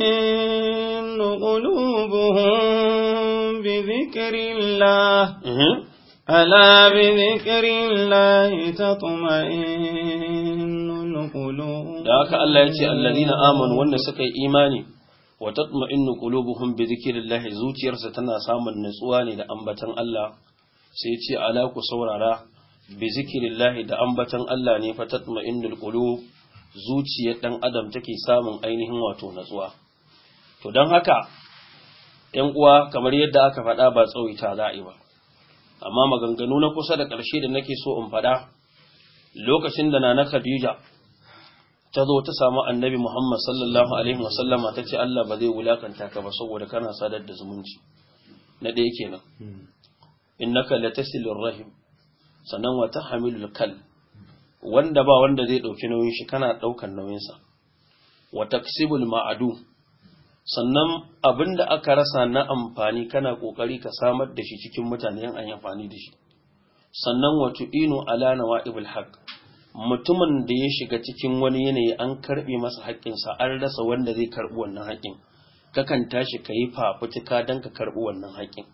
qulubuhum bi dhikrillah mhm. ala bi dhikrillah tatma'innu qulub da haka Allah ya ce alladina amanu wanda suka yi imani wa tatma'innu qulubuhum bi dhikrillah zuciyarsa tana samun nutsuwa ne da ambatan Allah sai ce ala ku saurara bi zikirillahi da ambatan Allah ne fatatma innul qulub zuciyar dan adam take samun ainihin wato natsuwa to dan haka ‘yan uwa kamar yadda aka faɗa ba ta za'i ba, amma maganganu na kusa da ƙarshe da nake so in faɗa lokacin da nana Khadija ta zo ta samu annabi Muhammad sallallahu Alaihi wasallama ta ce Allah ba zai wulakanta ka ba saboda kana sadar da zumunci, na ɗaya kenan. Hmm. innaka latasilur rahim sannan wa hamilul kal wanda ba wanda zai dauki nauyin shi kana daukan nauyin sa wa taksibul ma'adu sannan abinda aka rasa na amfani kana kokari ka samar da shi cikin mutane yan an amfani da shi sannan wa tu'inu ala nawaibul haqq mutumin da ya shiga cikin wani yanayi an karbe masa haƙƙinsa an rasa wanda zai karbi wannan haƙƙin kakan tashi ka fafutuka dan ka karɓi wannan haƙƙin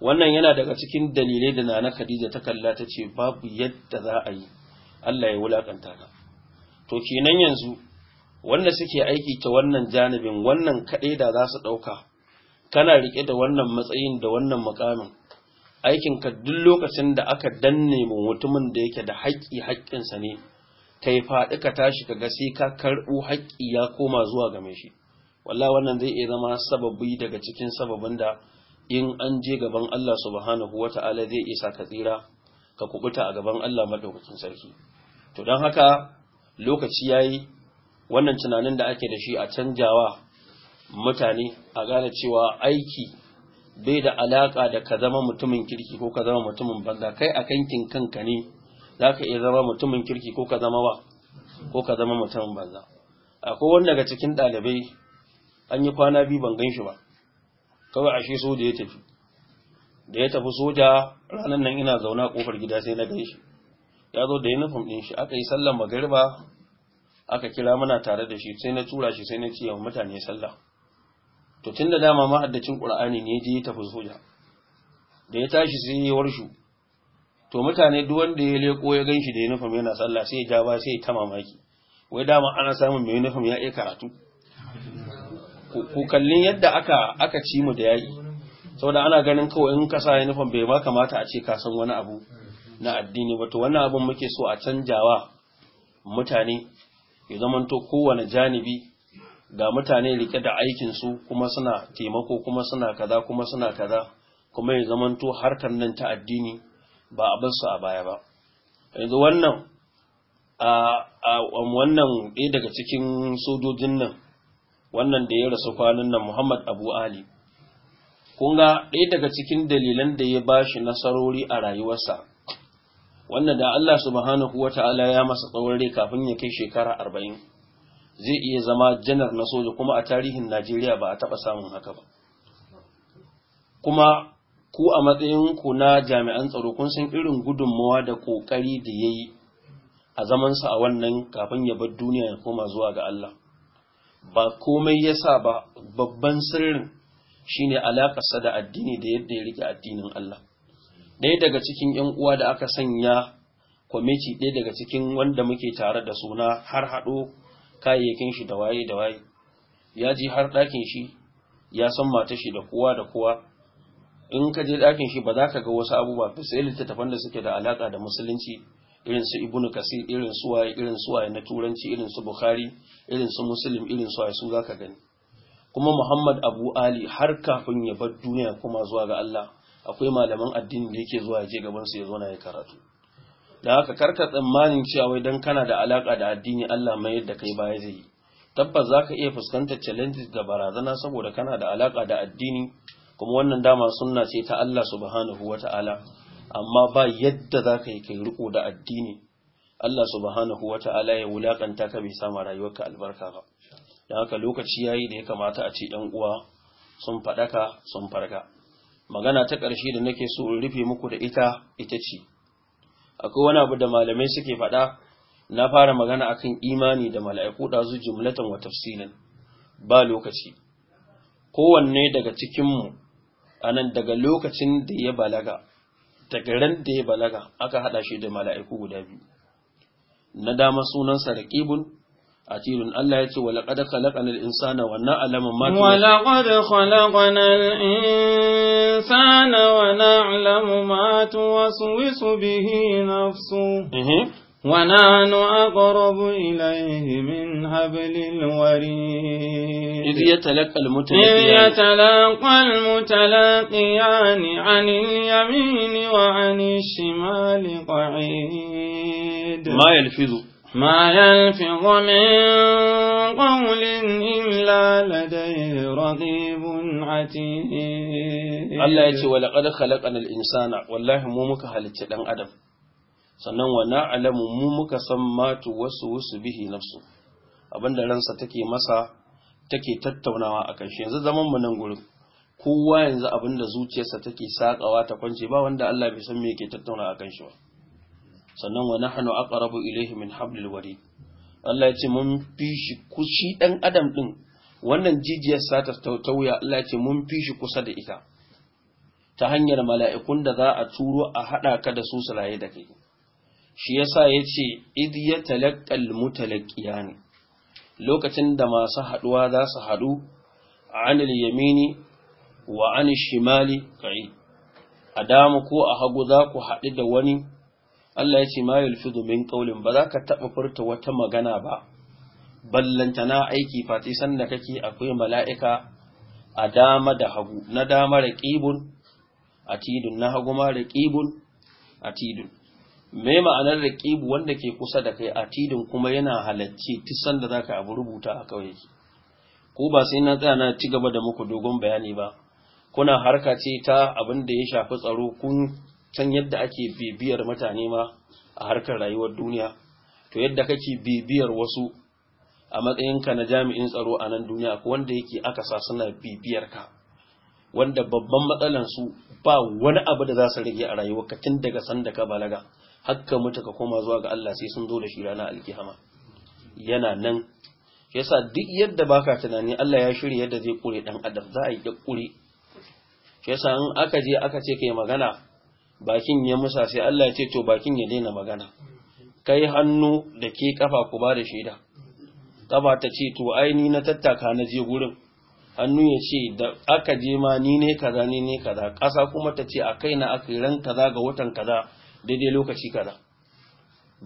wannan yana daga cikin dalilai da nana Khadija ta kalla ta ce babu yadda za a yi Allah ya wulakanta ka to kenan yanzu wanda suke aiki ta wannan janibin wannan kaɗai da za su ɗauka kana riƙe da wannan matsayin da wannan mukamin aikin ka duk lokacin da aka danne mu mutumin da yake da haƙƙi haƙƙinsa ne kai faɗi ka tashi ka ga sai ka karɓo haƙƙi ya koma zuwa game shi wallahi wannan zai iya zama sababi daga cikin sababin da in an je gaban Allah subhanahu wata'ala zai isa ka tsira ka kubuta a gaban Allah madaukakin sarki to don haka lokaci yayi wannan tunanin da ake da shi a canjawa mutane a gane cewa aiki bai da alaka da ka zama mutumin kirki ko ka zama mutumin banza kai a kankin kanka ne zaka iya zama mutumin kirki ko ka zama ba ko ka zama mutumin banza akwai wanda daga cikin ɗalibai an yi kwana biyu ban gan shi ba kawai ashe soja ya tafi da ya tafi soja ranar nan ina zauna kofar gida sai na gaishe ya zo da uniform din shi aka yi sallar magariba aka kira mana tare da shi sai na tura shi sai na ce wa mutane sallah to tun da dama mahaddacin qur'ani ne je ya tafi soja da ya tashi sai ya warshu to mutane duk wanda ya leko ya ganshi da uniform yana sallah sai ya ja ba sai ya ta mamaki wai dama ana samun mai uniform ya iya karatu ku yadda aka aka ci mu da yayi saboda ana ganin kawai in ka sa uniform bai ma kamata a ce ka san wani abu na addini ba to wannan abun muke so a canjawa mutane ya zamanto kowane janibi ga mutane rike da aikin su kuma suna taimako kuma suna kaza kuma suna kaza kuma ya zamanto harkar nan ta addini ba a bar su a baya ba yanzu wannan a wannan ɗaya daga cikin sojojin nan wannan da ya rasu kwanan nan Muhammad Abu Ali. Kun ga ɗaya daga cikin dalilan da ya bashi nasarori a rayuwarsa, wannan da Allah subhanahu wa ta'ala ya masa tsawon rai kafin ya kai shekara arba'in, zai iya zama janar na soja kuma a tarihin Najeriya ba a taɓa samun haka ba. Kuma ku a matsayin ku na jami'an tsaro kun san irin gudunmawa da ƙoƙari da ya yi a zamansa a wannan kafin ya bar duniya ya koma zuwa ga Allah. ba komai yasa ba babban sirrin shine alaƙarsa da addini da yadda ya rike addinin Allah Daya daga cikin ‘yan uwa da aka sanya kwamiti ɗaya daga cikin wanda muke tare da suna har haɗo kayayyakin shi da waye da waye ya ji har ɗakin shi ya san mata shi da kowa da kowa in ka je ɗakin shi ba za ka ga wasu abubuwa sai littattafan da suke da alaƙa da musulunci irin su ibn kasir irin su waye irin su waye na turanci irin su bukhari irin su muslim irin su waye su zaka gani kuma muhammad abu ali har kafin ya bar duniya kuma zuwa ga Allah akwai malaman addini da yake zuwa ya je gaban su ya zo na ya karatu da haka karka tsammanin cewa wai dan kana da alaka da addini Allah mai yadda kai baya zai yi tabbas zaka iya fuskantar challenges da barazana saboda kana da alaka da addini kuma wannan dama sunna ce ta Allah subhanahu wataala amma ba yadda za ka yi kai riko da addini Allah subhanahu wa ta'ala ya wulakanta ka bai sama rayuwarka albarka ba don haka lokaci yayi da ya kamata a ce ‘yan uwa sun faɗaka sun farka magana ta ƙarshe da nake so in rufe muku da ita ita ce akwai wani abu da malamai suke faɗa na fara magana akan imani da mala'iku ɗazu jumlatan wa tafsilin ba lokaci kowanne daga cikinmu a nan daga lokacin da ya balaga tagaran da ya balaga aka haɗa shi da mala'iku guda biyu na dama sunansa a atirun Allah ya ce wa laqad khalaqanal insana wa na'lamu ma wa laqad khalaqanal insana wa na'lamu ma tuwaswisu bihi nafsu. Mhm. ونحن أقرب إليه من حبل الوريد إذ يتلقى المتلاقيان, إذ عن اليمين وعن الشمال قعيد ما يلفظ ما يلفظ من قول إلا لديه رغيب عتيد الله يتي ولقد خلقنا الإنسان والله هل مكهل أدب sannan wa na’alamu mu muka san matu wasu wasu bihi nafsu abinda ransa take masa take tattaunawa a kan shi yanzu zaman mu nan gurin kowa yanzu abinda zuciyarsa take sakawa ta kwance ba wanda Allah bai san me yake tattauna a kan shi ba sannan wa nahnu aqrabu ilayhi min hablil warid Allah ya ce mun fi shi kushi dan adam din wannan jijiyar sa ta tautauya Allah ya ce mun fi shi kusa da ita ta hanyar mala'ikun da za a turo a hada ka da su raye da kai shi yasa ya ce idiya talakkal mutalakiya ne lokacin da masu haɗuwa za su haɗu a anil yamini wa an shimali ka'i a dama ko a hagu za ku haɗu da wani Allah ya ce ma yulfidu domin ƙaulin ba za ka taɓa furta wata magana ba na aiki fati sanda kake akwai mala'ika a dama da hagu na dama a tidun na hagu ma a tidun me ma'anar raqibu wanda ke kusa da kai a tidin kuma yana halacci tisan da zaka abu rubuta a kawai ko ba sai na tsaya na ci gaba da muku dogon bayani ba kuna harka ce ta abin da ya shafi tsaro kun san yadda ake bibiyar mutane ma a harkar rayuwar duniya to yadda kake bibiyar wasu a matsayinka na jami'in tsaro a nan duniya ko wanda yake aka sa suna bibiyar ka wanda babban matsalan su ba wani abu da za su rage a rayuwarka tun daga sanda ka balaga hakka mutu ka koma zuwa ga Allah sai sun zo da shi ranar alkihama. yana nan yasa duk yadda baka tunani Allah ya shirya yadda zai kure dan adam za a yi kure shi yasa in aka je aka ce kai magana bakin ya musa sai Allah ya ce to bakin ya daina magana kai hannu da ke kafa ku ba da shaida kafa ta ce to ai ni na tattaka na je gurin hannu ya ce da aka je ma ni ne kaza ni ne kaza ƙasa kuma ta ce a kaina aka yi ran kaza ga watan kaza daidai lokaci kaza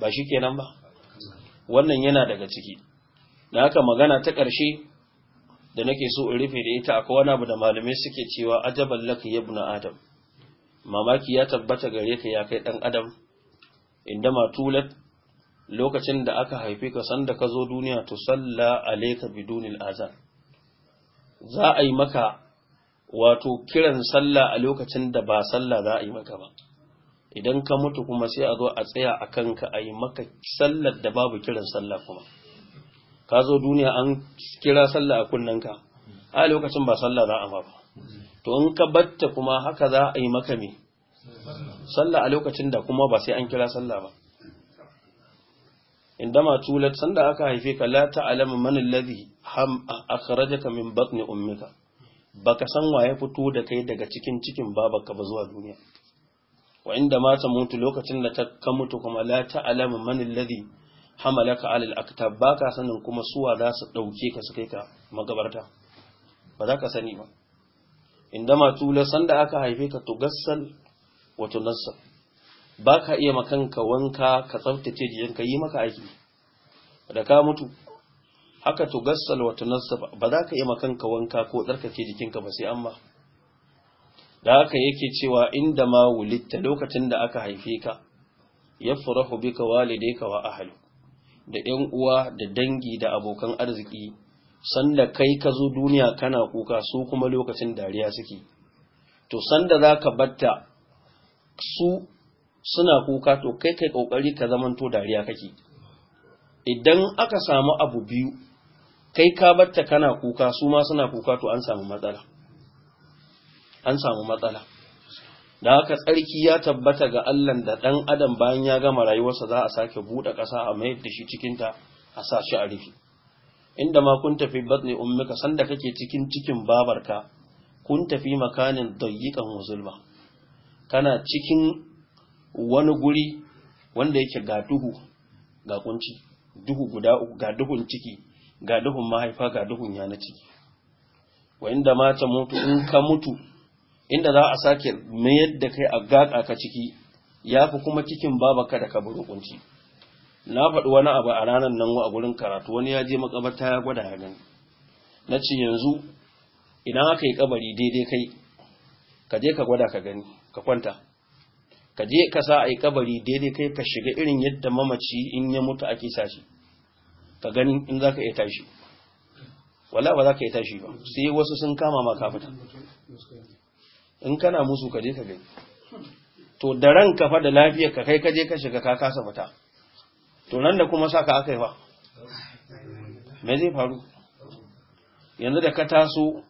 ba shi kenan ba wannan yana daga ciki da haka magana ta ƙarshe da nake so in rufe da ita akwai wani abu da malamai suke cewa ajaban laka buna adam mamaki ya tabbata gare ka ya kai ɗan adam inda tulat lokacin da aka haife ka sanda ka zo duniya to salla alayka bidunil azan za a yi maka wato kiran sallah a lokacin da ba sallah za a yi maka ba idan ka mutu kuma sai a zo a tsaya a kanka a yi maka sallar da babu kiran sallah kuma ka zo duniya an kira sallah a kunnanka a lokacin ba sallah za a ba to in ka batta kuma haka za a yi maka me sallah a lokacin da kuma ba sai an kira sallah ba indama tulat sanda aka haife ka la ta'lamu man alladhi ham akhrajaka min batni ummika baka san waye fito da kai daga cikin cikin babarka ba zuwa duniya wa inda ma ta mutu lokacin da ta ka mutu kuma la ta'lamu man alladhi hamalaka alal ba ka sanin kuma suwa za su dauke ka su kai ka magabarta ba za ka sani ba indama tula sanda aka haife ka to gassal wa ba ka iya makanka wanka ka tsaftace jikinka yi maka aiki da ka mutu haka to gassal wa tunassal ba za ka iya makanka wanka ko tsarkake jikinka ba sai amma da haka yake cewa inda ma wulitta lokacin da aka haife ka ya furahu ka walidayka wa ahli da 'yan uwa da dangi da abokan arziki sanda kai ka zo duniya kana kuka su kuma lokacin dariya suke to sanda zaka batta su suna kuka to kai kai kokari ka zamanto dariya kake idan aka samu abu biyu kai ka batta kana kuka su ma suna kuka to an samu matsala an samu matsala da haka tsarki ya tabbata ga Allah da ɗan adam bayan ya gama rayuwarsa za a sake buɗe ƙasa a mayar da shi cikinta a sa shi a rufe inda ma kun tafi batni ummika sanda kake cikin cikin babarka kun tafi makanin dayyikan wazulma kana cikin wani guri wanda yake ga duhu ga kunci duhu guda uku ga duhun ciki ga duhun mahaifa ga duhun yana ciki wa inda ta mutu in ka mutu inda za a sake mayar da kai a gaƙa ka ciki ya fi kuma cikin babaka da kaburin kunci na faɗi wani abu a ranar nan a gurin karatu wani ya je makabarta ya gwada ya gani na ce yanzu idan aka yi kabari daidai kai ka je ka gwada ka gani ka kwanta ka je ka sa a yi kabari daidai kai ka shiga irin yadda mamaci in ya mutu ake sa shi ka gani in za ka iya tashi wala ba za ka iya tashi ba sai wasu sun kama ma ka fita in kana musu ka je ka gani to da ranka fa da lafiyar ka kai ka je ka shiga ka kasa fita to nan da kuma saka aka yi me zai faru yanzu da ka taso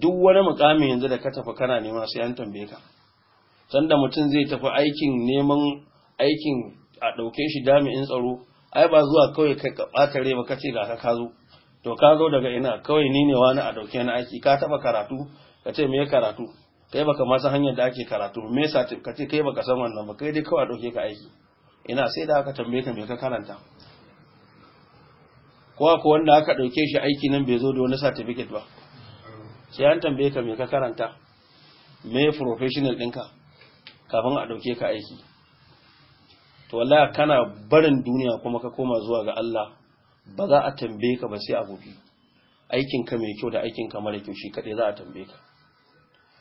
duk wani mukami yanzu da ka tafi kana nema sai an tambaye ka sanda mutum zai tafi aikin neman aikin a dauke shi jami'in tsaro ai ba zuwa kawai ka ɓata ba kace ce ga ka zo to ka zo daga ina kawai ni ne wani a ɗauke na aiki ka taba karatu ka ce me karatu kai baka ma san hanyar da ake karatu me yasa ka ce kai baka san wannan ba kai dai kawai dauke ka aiki ina sai da aka tambaye ka me ka karanta ko ko wanda aka dauke shi aiki nan bai zo da wani certificate ba sai an tambaye ka me ka karanta me professional ɗinka kafin a dauke ka aiki to wallahi kana barin duniya kuma ka koma zuwa ga Allah ba za a tambaye ka ba sai a gobe aikin ka mai kyau da aikin ka mara kyau shi kadai za a tambaye ka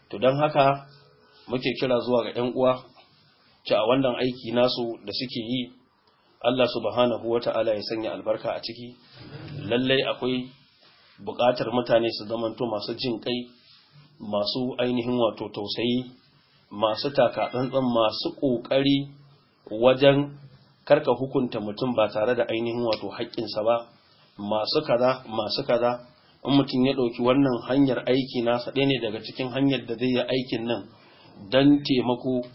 to don haka muke kira zuwa ga 'yan uwa ci a wannan aiki nasu da suke yi Allah subhanahu ta'ala ya sanya albarka a ciki lallai akwai buƙatar mutane su to masu jin kai masu ainihin wato tausayi masu taka tsantsan masu ƙoƙari wajen karka hukunta mutum ba tare da ainihin wato haƙƙinsa ba masu kaza masu kaza in mutum ya ɗauki wannan hanyar aiki nasa ɗaya ne daga cikin hanyar da zai yi aikin nan don taimako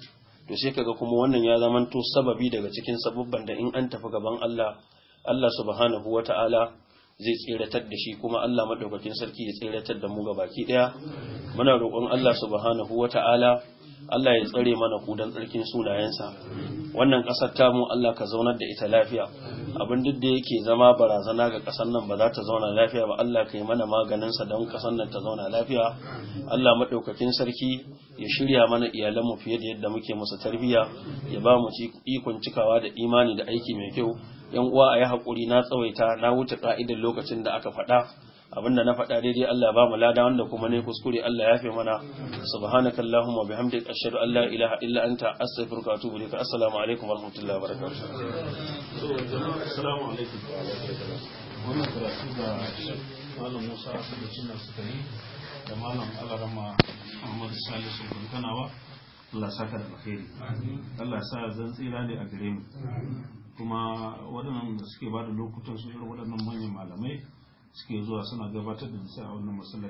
to sai kaga kuma wannan ya zamanto sababi daga cikin sababban da in an tafi gaban Allah Allah subhanahu wata'ala zai tseratar da shi kuma Allah madaukakin sarki ya tseratar da mu ga baki ɗaya. muna roƙon Allah subhanahu wata'ala Allah ya tsare mana kudan tsarkin sunayensa wannan ƙasar tamu Allah ka zaunar da ita lafiya abin duk da yake zama barazana ga ƙasar nan ba za ta zauna lafiya ba Allah ka yi mana maganin sa don ƙasar nan ta zauna lafiya Allah maɗaukacin sarki ya shirya mana iyalan mu fiye da yadda muke musu tarbiyya ya ba mu ikon cikawa da imani da aiki mai kyau yan uwa ayi hakuri na tsawaita na wuce ka'idar lokacin da aka faɗa abinda na faɗa daidai Allah ba mu lada wanda kuma ne kuskure Allah ya fi mana subhanakallahumma bihamdika ashhadu an la ilaha illa anta astaghfiruka wa atubu ilaik assalamu alaikum wa rahmatullahi wa barakatuh assalamu alaikum wannan karatu da malam Musa Asadu Cina sukari da malam Alarama Ahmad Salisu Kuntanawa Allah saka da alheri Allah sa zan tsira ne a gare mu kuma waɗannan da suke ba da lokutan su irin waɗannan manyan malamai suke zuwa suna gabatar da nasiha a wannan masallaci